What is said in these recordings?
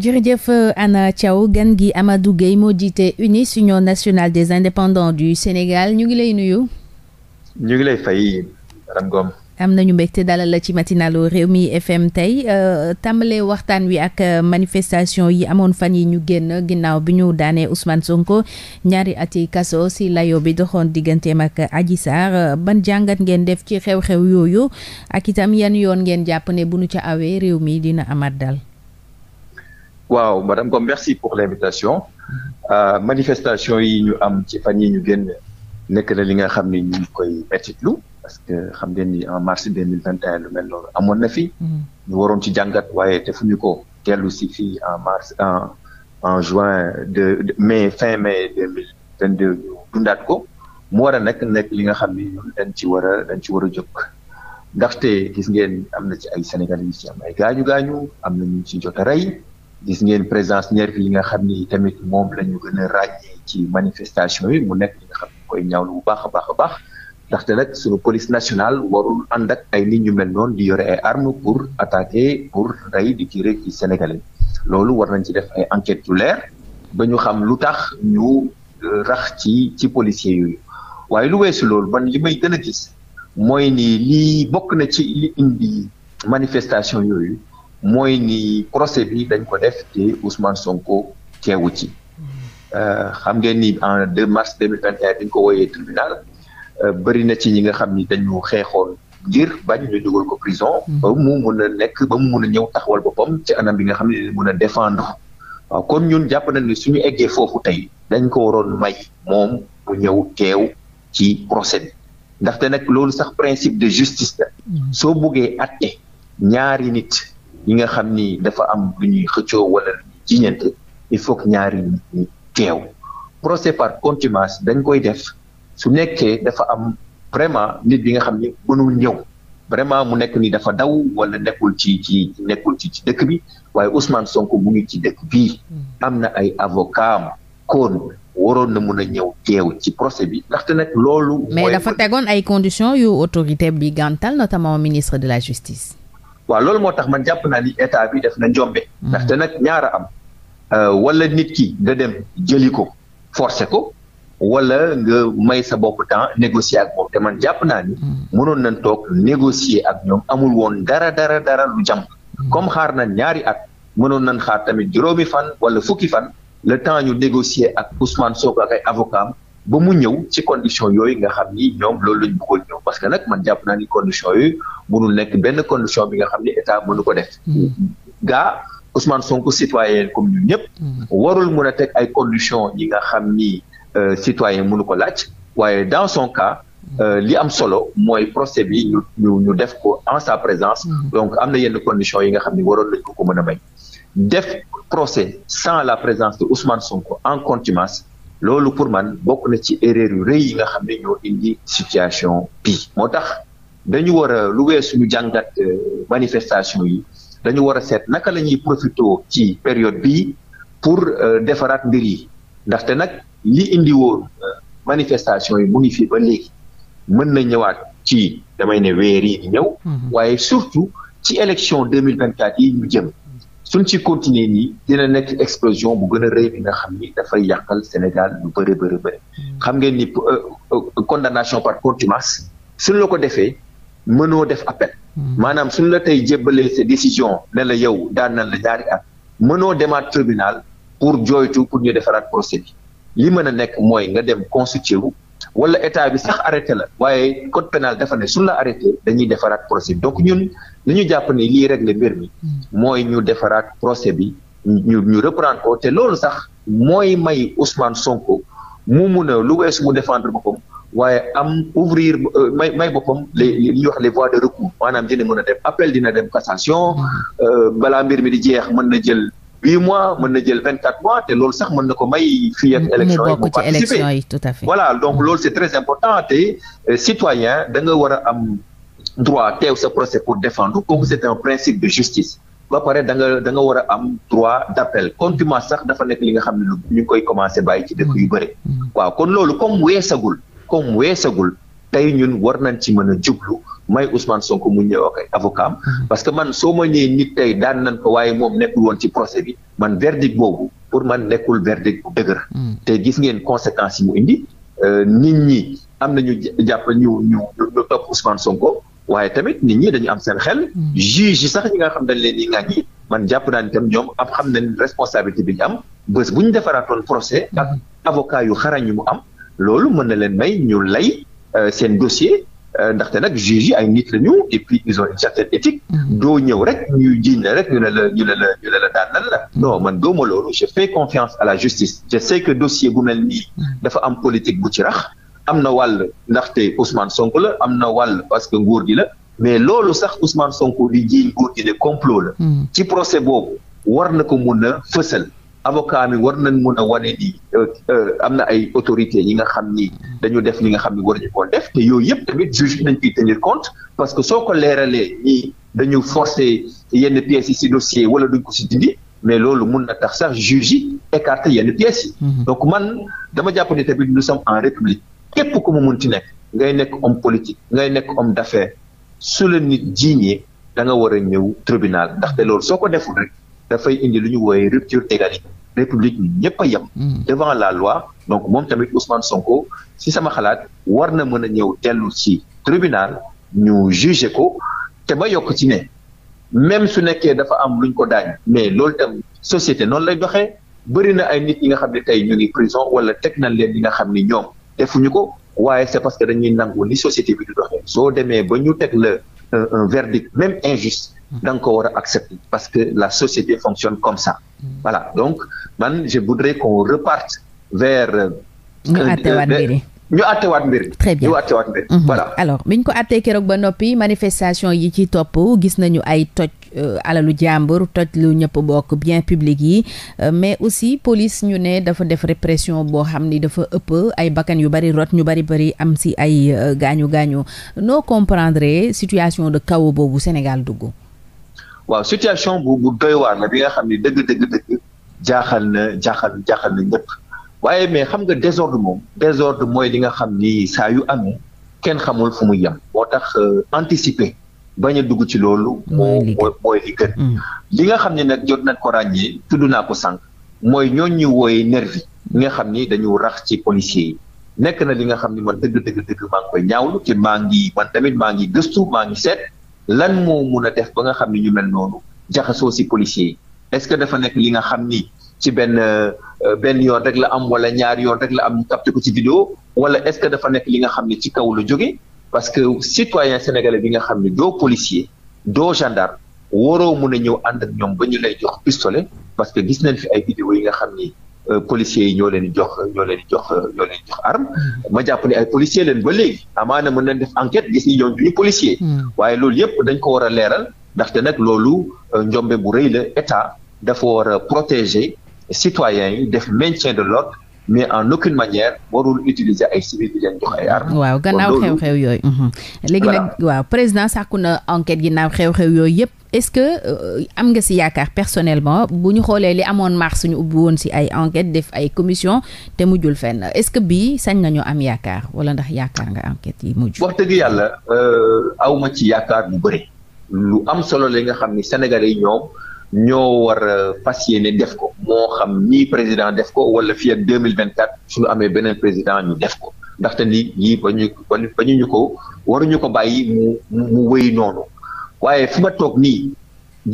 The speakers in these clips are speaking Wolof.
jërëjëf Anna Thiaw gan gi amadu Gueye moo jiite uni Union national des indépendants du Sénégal ñu ngi lay nuyu. fay Madame Ngom. am nañu mbégte dalal la ci réew mi FM tey euh, tàmbalee waxtaan wi ak euh, manifestation yi amoon fan yi ñu génn ginnaaw bi ñu daanee Ousmane Sonko ñaari ati kaso si layo bi doxoon digganteem ak Adji Sarr euh, ban jàngat ngeen def ci xew-xew yooyu ak itam yan yoon ngeen jàpp ne bu nu ca awee réew mii dina amaat dal. waaw madame Ngom merci pour l'invitation euh, manifestation yi ñu am ci fan yi ñu génn nekk na li nga xam ne ñu ngi koy lu parce que xam ngeen ni en mars deux mille vingt et un lu mel loolu amoon na fi. Mm-hmm. ñu waroon ci jàngat waaye defuñu ko dellu si fii en mars en en juin de, de mai fin mais deux mille dundaat ko mu war a nekk nekk li nga xam ni ñun dañ ci war a dañ ci war a jóg ndaxte gis ngeen am na ci ay sénégal yu ci am ay gaañu gaañu am na ñu ci jot rey gis ngeen présence nervi yi nga xam ni tamit moom la ñu gën a ci manifestation yi mu nekk li nga xam ne koy ñaawlu bu baax a baax a baax ndaxte nag suñu police nationale warul ànd ak ay ni ñu mel noonu di yore ay armes pour attaquer pour rey di kii rek ci sénégalais loolu war nañ ci def ay enquêtes yu leer ba ñu xam lu tax ñu euh, rax ci ci policiers yooyu waaye lu weesu loolu man li may gën gis mooy nii lii bokk na ci li indi manifestation yooyu. mooy ni procès bi dañ ko def te Ousmane Sonko teewu ci euh, xam ngeen ni en 2 mars 2021 bi ñu ko wooyee tribunal euh, bëri na ci ñi nga xam ni dañu xeexoon ngir bañ ñu dugal ko prison. ba mu mun a nekk ba mu mun a ñëw taxawal boppam ci anam bi nga xam ne mun a défendre. waaw kon ñun jàpp nañ ni suñu eggee foofu tey dañ ko waroon may moom mu ñëw teew ci procès bi ndaxte nag loolu sax principe de justice la. Mm-hmm. soo buggee atte ñaari nit. ñi nga xam ni dafa am lu ñuy xëccoo wala lu ñuy jiñante il faut que ñaari nit ñi teew procès par contumace dañ koy def su nekkee dafa am vraiment nit bi nga xam ni mënul ñëw vraiment mu nekk ni dafa daw wala nekkul ci ci nekkul ci ci dëkk bi waaye Ousmane Sonko mu ngi ci dëkk bii hmm. am na ay avocat kon waroon na mun a ñëw teew ci procès bi ndaxte nag loolu. mais dafa tegoon ay conditions yu autorité bi gàntal notamment ministre de la justice. waaw loolu moo tax man jàpp naa ni état bi def na ndax hmm. ndaxte nag ñaara am euh, wala nit ki nga dem jëli ko forcer ko wala nga may sa bopp temps négocier ak moom te man jàpp naa ni. Hmm. mënoon nañ toog négocier ak ñoom amul woon dara dara dara lu jàmp. Hmm. comme xaar na ñaari at mënoon nañ xaar tamit juróomi fan wala fukki fan le temps ñu négocier ak Ousmane Sonko ak ay avocats ba mu ñëw ci condition yooyu nga xam ni ñoom loolu lañ bëggoon ñëw parce que nag man jàpp naa ni condition yooyu mënul nekk benn condition bi nga xam ni état mënu ko def mm-hmm. gaa Ousmane Sonko citoyen comme ñëpp mm-hmm. warul mun a teg ay yi nga xam ni euh, citoyen mënu ko laaj waaye dans son cas mm-hmm. euh, li am solo mooy procès bi ñu ñu ñu def ko en sa présence donc am na yenn condition yi nga xam ni waroon lañ ko ko mën a may def procès sans la présence de Ousmane Sonko en contumace loolu pour man bokk na ci erreur yu rëy yi nga xam ne ñoo indi situation bii moo tax dañu war a lu weesu ñu jàngat euh, manifestation yi dañu war a seet naka la ñuy profité ci période bii pour euh, defaraat mbir yi ndaxte nag li indi woon euh, manifestation yi mu ngi fii ba léegi mën na ñëwaat ci damay ne weer yi ñëw mm-hmm. waaye surtout ci élection deux mille vingt quatre yi ñu jëm suñ ci continuer nii dina nekk explosion bu gën a rëy bi nga xam ni dafay yàqal Sénégal lu bëri bëri bëri mm. xam ngeen ni euh, euh, condamnation par contumace suñ la ko defee mënoo def appel mm. maanaam suñ la tey jébbalee sa décision ne la yow daan na la ñaari at mënoo demaat tribunal pour jooytu pour ñu defaraat procès bi li mën a nekk mooy nga dem constitué wu wala état bi sax arrêté la waaye code pénal dafa ne suñ la arrêté dañuy defaraat procès donc ñun li ñu jàpp ne lii régler mbir mi mooy ñu defaraat procès bi ñu ñu reprendre ko te loolu sax mooy may Ousmane Sonko mu mun a lu weesu defandir défendre boppam waaye am ouvrir euh, may may boppam les li ñuy wax les voies de recours maanaam dina mën a dem appel dina dem cassation euh, balaa mbir mi di jeex mën na jël huit mois mën na jël vingt quatre mois te loolu sax mën na ko may fii ak élection yi mu participer tout a fait voilà donc mm. loolu c'est très important te euh, citoyen da nga war am droit teew sa procès pour défendre kooku c'est un principe de justice ba pare da nga da nga war a am droit d'appel contumace sax dafa nekk li nga xam ne ñu ngi koy commencé bàyyi ci dëkk yu bëri mm. Mm. waaw kon loolu comme weesagul comme weesagul tey ñun war nañ ci mën a jublu may Ousmane Sonko mu ñëw ak ay avocat mhm. parce que man soo ma ñëwee nit tey daan nañ ko waaye moom nekkul woon ci procès bi man verdict boobu pour man nekkul verdict bu dëgër. Mhm. te gis ngeen conséquences yi mu indi euh, nit ñi am nañu jàpp ñu ñu ñu topp Sonko waaye tamit nit ñi dañu am seen xel. Mhm. juge yi sax ñi nga xam dañ leen di ŋàññi man jàpp naa ni tam ñoom am xam nañ responsabilité bi ñu am bés bu ñu defaraatoon procès ak avocat yu xarañ yu mu am loolu mën na leen may ñu lay euh, seen dossier. Euh, ndaxte nag juges yi ay nit la ñu et puis ils ont une certaine éthique mm-hmm. doo ñëw rek ñu jiiñ la rek ñu la la ñu la daan mm-hmm. man dooma loolu je fais confiance à la justice je sais que dossier bu mel nii mm-hmm. dafa am politique bu ci rax am na wàll ndaxte Ousmane Sonko la am na wàll parce que nguur gi la mais loolu sax Ousmane Sonko di jiiñ nguur gi ne complot la ci procès boobu war na ko mun a fësal avocat mi war nañ mun a wane ni euh, euh, am na ay autorité yi nga xam ni dañu def li nga xam ni war ñu ko def te yooyu yëpp tamit juge bi nañ ciy tenir compte parce que soo ko leeralee ni dañu forcer yenn pièces yi si dossier wala duñ ko si dindi mais loolu mun na tax sax juge yi écarter yenn pièces yi. Mm-hmm. donc man dama jàpp ni tamit nous sommes en république képp ku mu munti nekk ngay nekk om politique ngay nekk om d'affaires su leen nit jiiñee da nga war a ñëw tribunal ndaxte loolu soo ko deful dafay indi lu ñu wooyee rupture d'égalité république ñu ñëpp a yem hmm. devant la loi donc moom tamit Ousmane Sonko si sama xalaat war na mën a ñëw dellu si tribunal ñu juger ko te ba yokk ci ne même su nekkee dafa am luñ ko daañ mais loolu tam société noonu lay doxee bëri na ay nit ñi nga xam ne tey ñu ngi prison wala teg nañ leen ñi nga xam ni ñoom defuñu ko waaye c'est parce que dañuy nangu ni société bi du doxee soo demee ba ñu teg la euh, un verdict même injuste da nga ko war a accepter parce que la société fonctionne comme ça voilà donc man je voudrais qu'on reparte vers euh, ñu àttewaat euh, mbir ñu très bien ñu àttewaat mbir mhm. voilà alors biñ ko àttee keroog ba noppi manifestation yi ci topp gis nañu ay toj euh, alalu jàmbur toj lu ñëpp bokk bien public yi mais aussi police ñu ne dafa def répression boo xam ni dafa ëpp ay bakkan yu bari rot ñu bari bari am si ay gaañu gaañu noo comprendre situation de chaos boobu Sénégal dugg waaw situation bu bu doy waar bi nga xam ne dëgg dëgg dëgg jaaxal na jaxal jaaxal na ñëpp waaye mais xam nga désordre moom désordre mooy li nga xam ni saa yu amee kenn xamul fu muy yem moo tax euh, anticiper bañ a dugg ci loolu. mooy mooy li gën. Mm. li nga xam ne nag jot nañ ko ràññee tudd naa ko sànq mooy ñooñu ñu wooyee nervi nga xam ni dañu rax ci policiers yi. nekk na li nga xam ni man dëgg dëgg dëgg maa ngi koy ñaawlu te maa ngi man tamit maa ngi gëstu maa ngi seet. lan moo mun a def ba nga xam ni ñu mel noonu jaxasoo si policiers yi est-ce que dafa nekk li nga xam ni ci benn euh, benn yoon rek la am wala ñaari yoon rek la am capté ko ci vidéo wala est-ce que dafa nekk li nga xam ni ci kaw la jóge parce que citoyen sénégalais bi nga xam ni doo policier doo gendarme waroo mun a ñëw ànd ak ñoom ba ñu lay jox pistolet parce que gis nañ fi ay vidéo yi nga xam ni Euh, policiers yi ñoo leen di jox ñoo leen jox ñoo leen ma jàpp ne ay policiers leen ba léegi na mën nañ def enquête gis ni ñoom duñu policier hmm. waaye loolu yëpp dañ ko war a leeral ndaxte nag loolu euh, njombe bu rëy la état dafa war a protéger citoyens yi def maintien de l'ordre mais en aucune manière warul utiliser ay civil di leen jox ay armes. waaw gannaaw xew-xew yooyu. Mhm. léegi nag waaw président sàkku na enquête ginnaaw xew-xew yooyu yëpp. est-ce que euh, am nga si yaakaar personnellement bu ñu xoolee li amoon mars ñu ubbi woon si ay enquête def ay commission te mujjul fenn est-ce que bii sañ nañoo am yaakaar wala ndax yaakaar nga enquête yi mujj. wax dëgg yàlla euh, awma ci yaakaar bu bëri lu am solo la nga xam ni sénégal yi ñoom ñoo war a fas yéene def ko moo xam nii président def ko wala fii ak deux mille vingt quatre suñu amee beneen président ñu def ko ndaxte lii yii ba ñu ba ñu ñu ko waruñu ko bàyyi mu mu noonu. waaye fi ma toog nii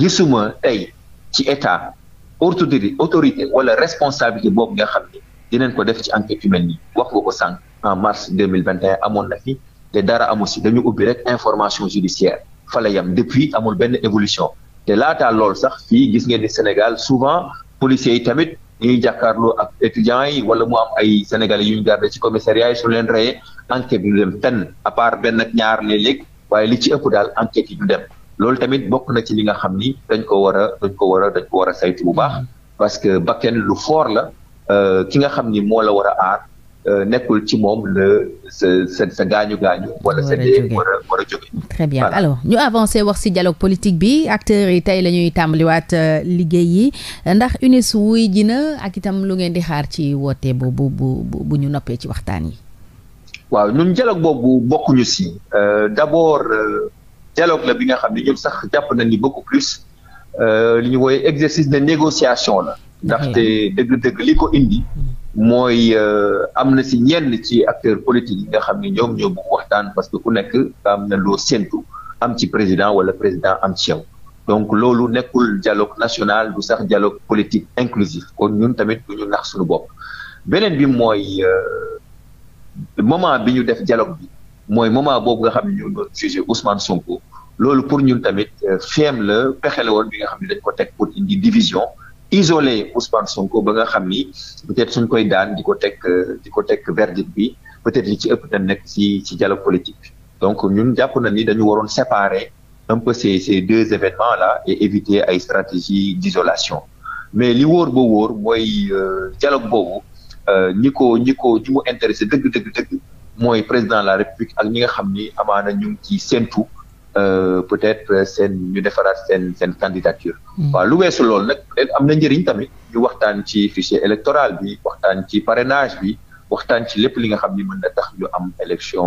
gisuma tey ci état autorité autorité wala responsabilité boobu nga xam ne dinañ ko def ci enquête yu mel nii wax nga ko sànq en mars deux mille vingt et amoon na fi te dara amu si dañu ubbi rek information judiciaire fa la yam depuis amul benn évolution te laataa lool sax fii gis ngeen ni Sénégal souvent policiers yi tamit ñuy jàkkaarloo ak étudiants yi wala mu am ay sénégalais yu ñu gardé ci commissariat yi su leen reyee enquête yu dem fenn à benn ñaar léeg-léeg waaye li ci ëpp daal enquête yi du dem loolu tamit bokk na ci li nga xam ni dañ ko war a dañ ko war a war a saytu bu baax parce que bakken lu fort la euh, ki nga xam ni moo la war a aar euh, nekkul ci moom la sa gaañu gaañu. wala sa dee war a war a bien voilà. ñu avancé wax ci dialogue politique bi acteurs yi tey la ñuy tàmbaliwaat euh, liggéey yi ndax UNIS wuy ji na ak itam lu ngeen di xaar ci woote bu bu bu bu ñu noppee ci waxtaan yi. waaw ñun dialogue boobu bokkuñu si d'abord. dialogue la bi nga xam ne ñun sax jàpp nañ ni beaucoup plus euh, li ñu wooye exercice de négociation la ndaxte dëgg-dëgg li ko indi mooy euh, am na si ñenn ci acteur politiques yi nga xam ne ñoom ñoo bëgg waxtaan parce que ku nekk am na loo séntu am ci président wala président am ci yow donc loolu nekkul dialogue national du sax dialogue politique inclusif kon ñun tamit du ñu nax suñu bopp beneen bi mooy euh, moment bi ñu def dialogue bi mooy moment boobu nga xam ne ñoo doon jugé loolu pour ñun tamit euh, feem la pexe woon bi nga xam ne dañ ko teg pour indi division isolé Ousmane Sonko ba nga xam ni peut-être suñ koy daan di ko teg euh, di ko teg verdict bi peut-être li ci ëpp na nekk ci ci dialogue politique donc ñun jàpp na ni dañu waroon séparer un peu ces ces deux événements la et éviter ay stratégie d'isolation mais li wóor ba wóor mooy euh, dialogue boobu ñi ko ñi ko ñi mu intéressé dëgg dëgg mooy président la République ak ñi nga xam ni amaana ñu ngi ci séntu Euh, peut-être euh, seen ñu defaraat seen seen candidature. Hmm. waa lu weesu loolu nag am na njariñ tamit ñu waxtaan ci fichier électoral bi waxtaan ci parrainage bi waxtaan ci lépp li nga xam ni mën na tax ñu am élection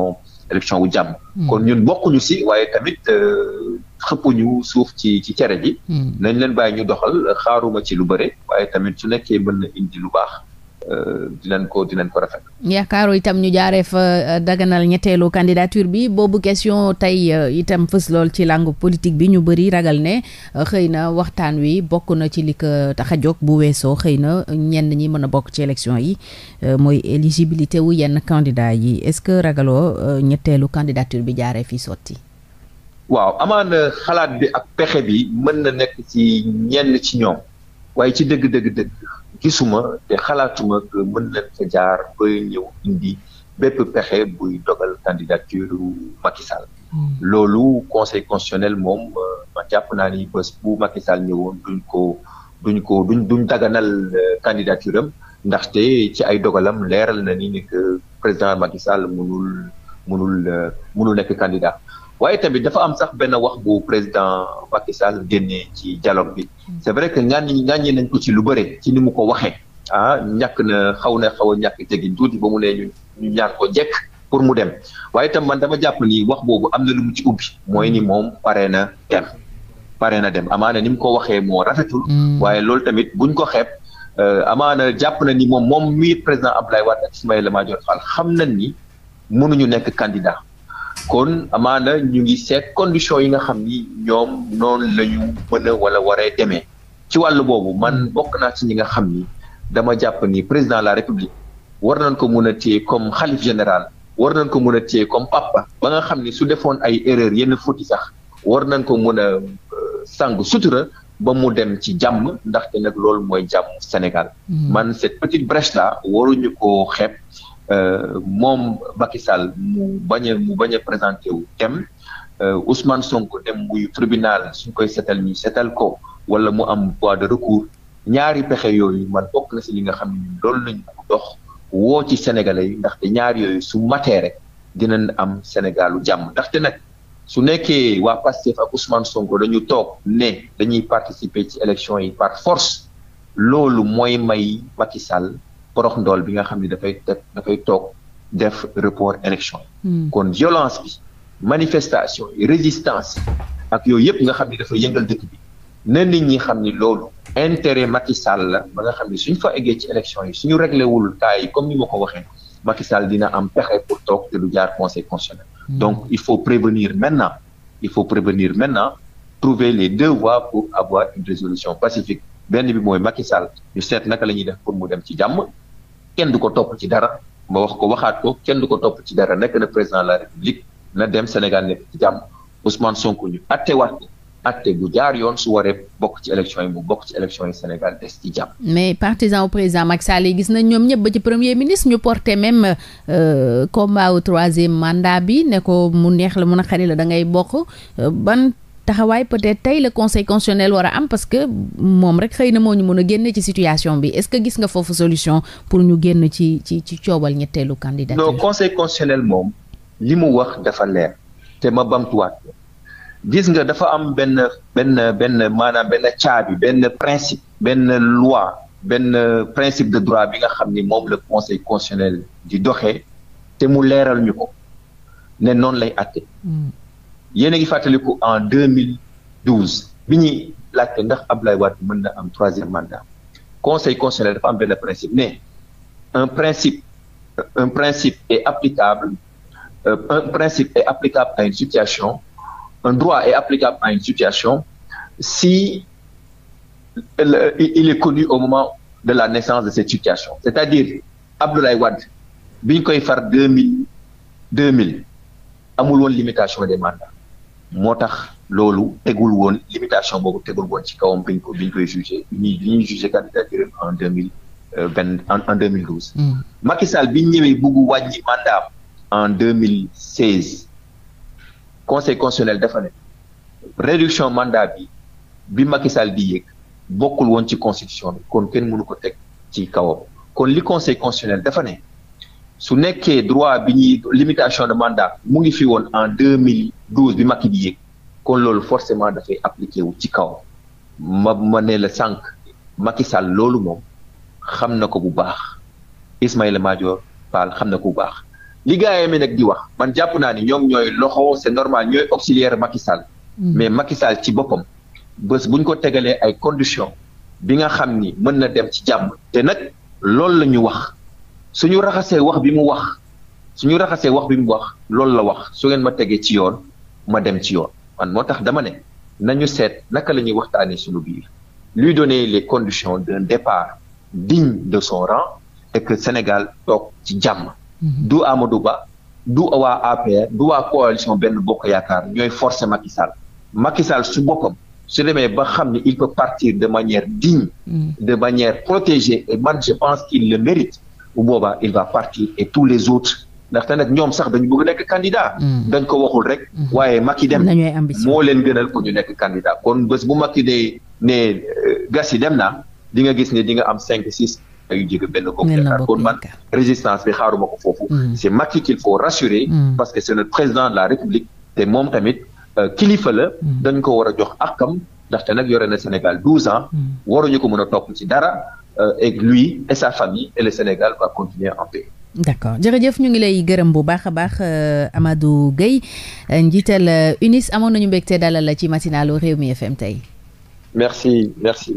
élection wu jàmm. Hmm. kon ñun bokkuñu si waaye tamit euh, xëppuñu suuf ci ci cere ji. Hmm. nañ leen bàyyi ñu doxal xaaruma ci lu bëre waaye tamit su nekkee mën na indi lu baax. dinañ ko dinañ ko rafet. yaakaaru itam ñu jaaree fa euh, daganal ñetteelu candidature bi boobu question tey euh, itam fës lool ci langue politique bi ñu bëri ragal ne euh, xëy na waxtaan wi bokk na ci li ko tax a jóg bu weesoo xëy na ñenn ñi mën a bokk ci élection yi mooy éligibilité wu yenn candidat yi est-ce que ragaloo ñetteelu candidature bi jaaree fii sotti. waaw amaana xalaat bi ak pexe bi mën na nekk ci ñenn ci ñoom waaye ci dëgg dëgg dëgg. gisuma te xalaatuma que mën nañ fa jaar ba ñëw indi bépp pexe buy dogal candidature Macky Sall hmm. loolu conseil constitutionnel moom euh, ma jàpp naa ni bés bu Macky Sall ñëwoon duñ ko duñ ko duñ duñ daganal euh, candidature am ndaxte ci ay dogalam leeral na ni ni président Macky Sall mënul mënul euh, mënul nekk candidat waaye tamit dafa am sax benn wax bu président Macky Sall génnee ci dialogue bi hmm. c'est vrai que ñi ñi nañ ko ci lu bëre ci ni mu ko waxee ah ñàkk na xaw na xaw a ñàkk jéggi tuuti ba mu ne ñu ñaan ko jekk pour mu dem waaye itam man dama jàpp ni wax boobu am na lu ci ubbi mooy ni moom pare na dem pare na dem amaana ni mu ko waxee moo rafetul hmm. waaye loolu tamit buñ ko xeeb euh, amaana jàpp na ni moom moom mii président Abdoulaye Wade ak la Madior Fall xam nañ ni mënuñu nekk candidat kon amaana ñu ngi seet condition yi nga xam ni ñoom noonu la ñu mën a wala waree demee ci wàll boobu man bokk naa ci ñi nga xam ni dama jàpp ni président de la république war nañ ko mun a téye comme xalif général war nañ ko mun a comme papa ba nga xam ni su defoon ay erreur yenn foti sax war nañ ko mun a euh, sàng sutura ba mu dem ci jàmm ndaxte nag loolu mooy jàmm Sénégal. Mm-hmm. man cette petite brèche là waruñu ko xeeb. Euh, moom Macky Sall mu bañ a mu bañ a présenté wu dem euh, Ousmane Sonko dem muy tribunal suñ koy setal ñu setal ko wala mu am voie de recours ñaari pexe yooyu man bokk na si li nga xam ne loolu lañ ko dox woo ci sénégalais yi ndaxte ñaar yooyu su matee rek dinañ am sénégalu jàmm ndaxte nag su nekkee waa Pastef ak Ousmane Sonko dañu toog ne dañuy participer ci élection yi par force loolu mooy may Macky Sall porox ndool bi nga xam ne dafay teg dafay toog def report élection yi hmm. kon violence bi manifestation yi résistance ak yooyu yëpp nga xam ne dafay yëngal dëkk bi na nit ñi xam ni loolu intérêt Macky Sall la ba nga xam ne suñ fa eggee ci élection yi suñu réglé wul cas yi comme ni ma ko waxee Macky Sall dina am pexe pour toog te du jaar conseil constitutionnel. Hmm. donc il faut prévenir maintenant il faut prévenir maintenant trouver les deux voies pour avoir une résolution pacifique benn bi mooy Macky Sall ñu seet naka la ñuy def pour mu dem ci jàmm kenn du ko topp ci dara ma wax ko waxaat ko kenn du ko topp ci dara nekk na président de la république na dem Sénégal nekk ci jàmm Ousmane sonk ñu attewaat ko atte bu jaar yoon su waree bokk ci élection yi mu bokk ci élection yi Sénégal des ci jàmm. mais partisan au président Macky saa yi gis nañ ñoom ñëpp ba ci premier ministre ñu porte même euh, combat au troisième mandat bi ne ko mu neex la mun a xari la da ngay bokk euh, ban taxawaay peut-être tey la conseil constitutionnel war a am parce que moom rek xëy na moo ñu mën a génne ci situation bi est-ce que gis nga foofu solution pour ñu génn ci ci ci coobal ñetteelu candidat non conseil constitutionnel moom li mu wax dafa leer te ma bamtuwaat gis nga dafa am benn benn benn maanaam benn caabi benn principe benn loi benn principe de droit bi nga xam ni moom le conseil constitutionnel di doxee te mu leeral ñu ko ne noonu lay àtte hmm. yéen a ngi fàttaliku en deux mille douze bi ñuy laajte ndax Abdoulaye Wade mën na am troisième mandat conseil constitutionnel dafa am le principe mais un principe un principe est applicable euh, un principe est applicable situation un droit est applicable à une situation si il est connu au moment de la naissance de cette situation c'est-à-dire Abdoulaye Wade bi koy far deux mille deux mille amul woon limitation des mandats moo tax loolu tegul woon limitation boobu tegul woon ci kawam biñ ko biñ koy jugé ñuy bi ñuy jugé candidature en deux mille euh, en deux mille douze. Mm. Macky Sall bi ñëwee bugg wàññi mandat en deux mille seize conseil constitutionnel dafa ne réduction mandat bi bi Macky Sall di yëg bokkul woon ci constitution kon kenn mënu ko teg ci kawam kon li conseil constitutionnel dafa ne su nekkee droit bi ñuy limitation de mandat mu ngi fi woon en deux mille douze bi Macky di yéeg kon loolu forcément dafay appliqué wu ci kaw ma ma ne la sànq Macky Sall loolu moom xam na ko bu baax Ismaïla Madior Fall xam na ko bu baax li gars yi nag di wax man jàpp naa ni ñoom ñooy loxo c'est normal ñooy auxiliaire Macky mm. mais Macky Sall ci boppam bës buñ ko tegalee ay conditions bi nga xam ni mën na dem ci jàmm te nag loolu la ñu wax suñu raxasee wax bi mu wax su ñu raxasee wax bi mu wax loolu la wax su ngeen ma tegee ci yoon ma dem ci yoon man moo tax dama ne nañu seet naka la ñuy waxtaanee suñu biir luy donner les conditions d'un départ digne de son rang et que Sénégal toog ci jàmm mm-hmm. du Amadou Ba du waa APR du waa coalition benn bokk yaakaar ñooy forcer Macky Sall su boppam su demee ba xam ni il peut partir de manière digne mm-hmm. de manière protégée et man je pense qu'il le mérite bu boobaa il va partir et tous les autres ndaxte nag ñoom sax dañu bëgg nekk candidat. Mm. dañ ko waxul rek. Mm-hmm. waaye Macky dem moo leen gënal ko ñu nekk candidat kon bës bu Macky de ne euh, gas yi dem na di nga gis ne di nga am cinq six. yu jege benn bokk yaakaar kon man résistance bi xaaruma ko foofu. Mm. c'est Macky qu'il faut rassurer. Mm. parce que c'est le président de la République. te moom tamit euh, kilifa la. dañ ko war a jox akam. ndaxte nag yore na Sénégal douze ans. waruñu ko mën a topp ci dara. Euh, et lui et sa famille et le Sénégal continuer en d'accord jërëjëf ñu ngi lay gërëm bu baax a baax euh, Amadou Gueye euh, njiital euh, UNIS amoon nañu mbégte dalal la ci matinalu Rewmi FM tey merci merci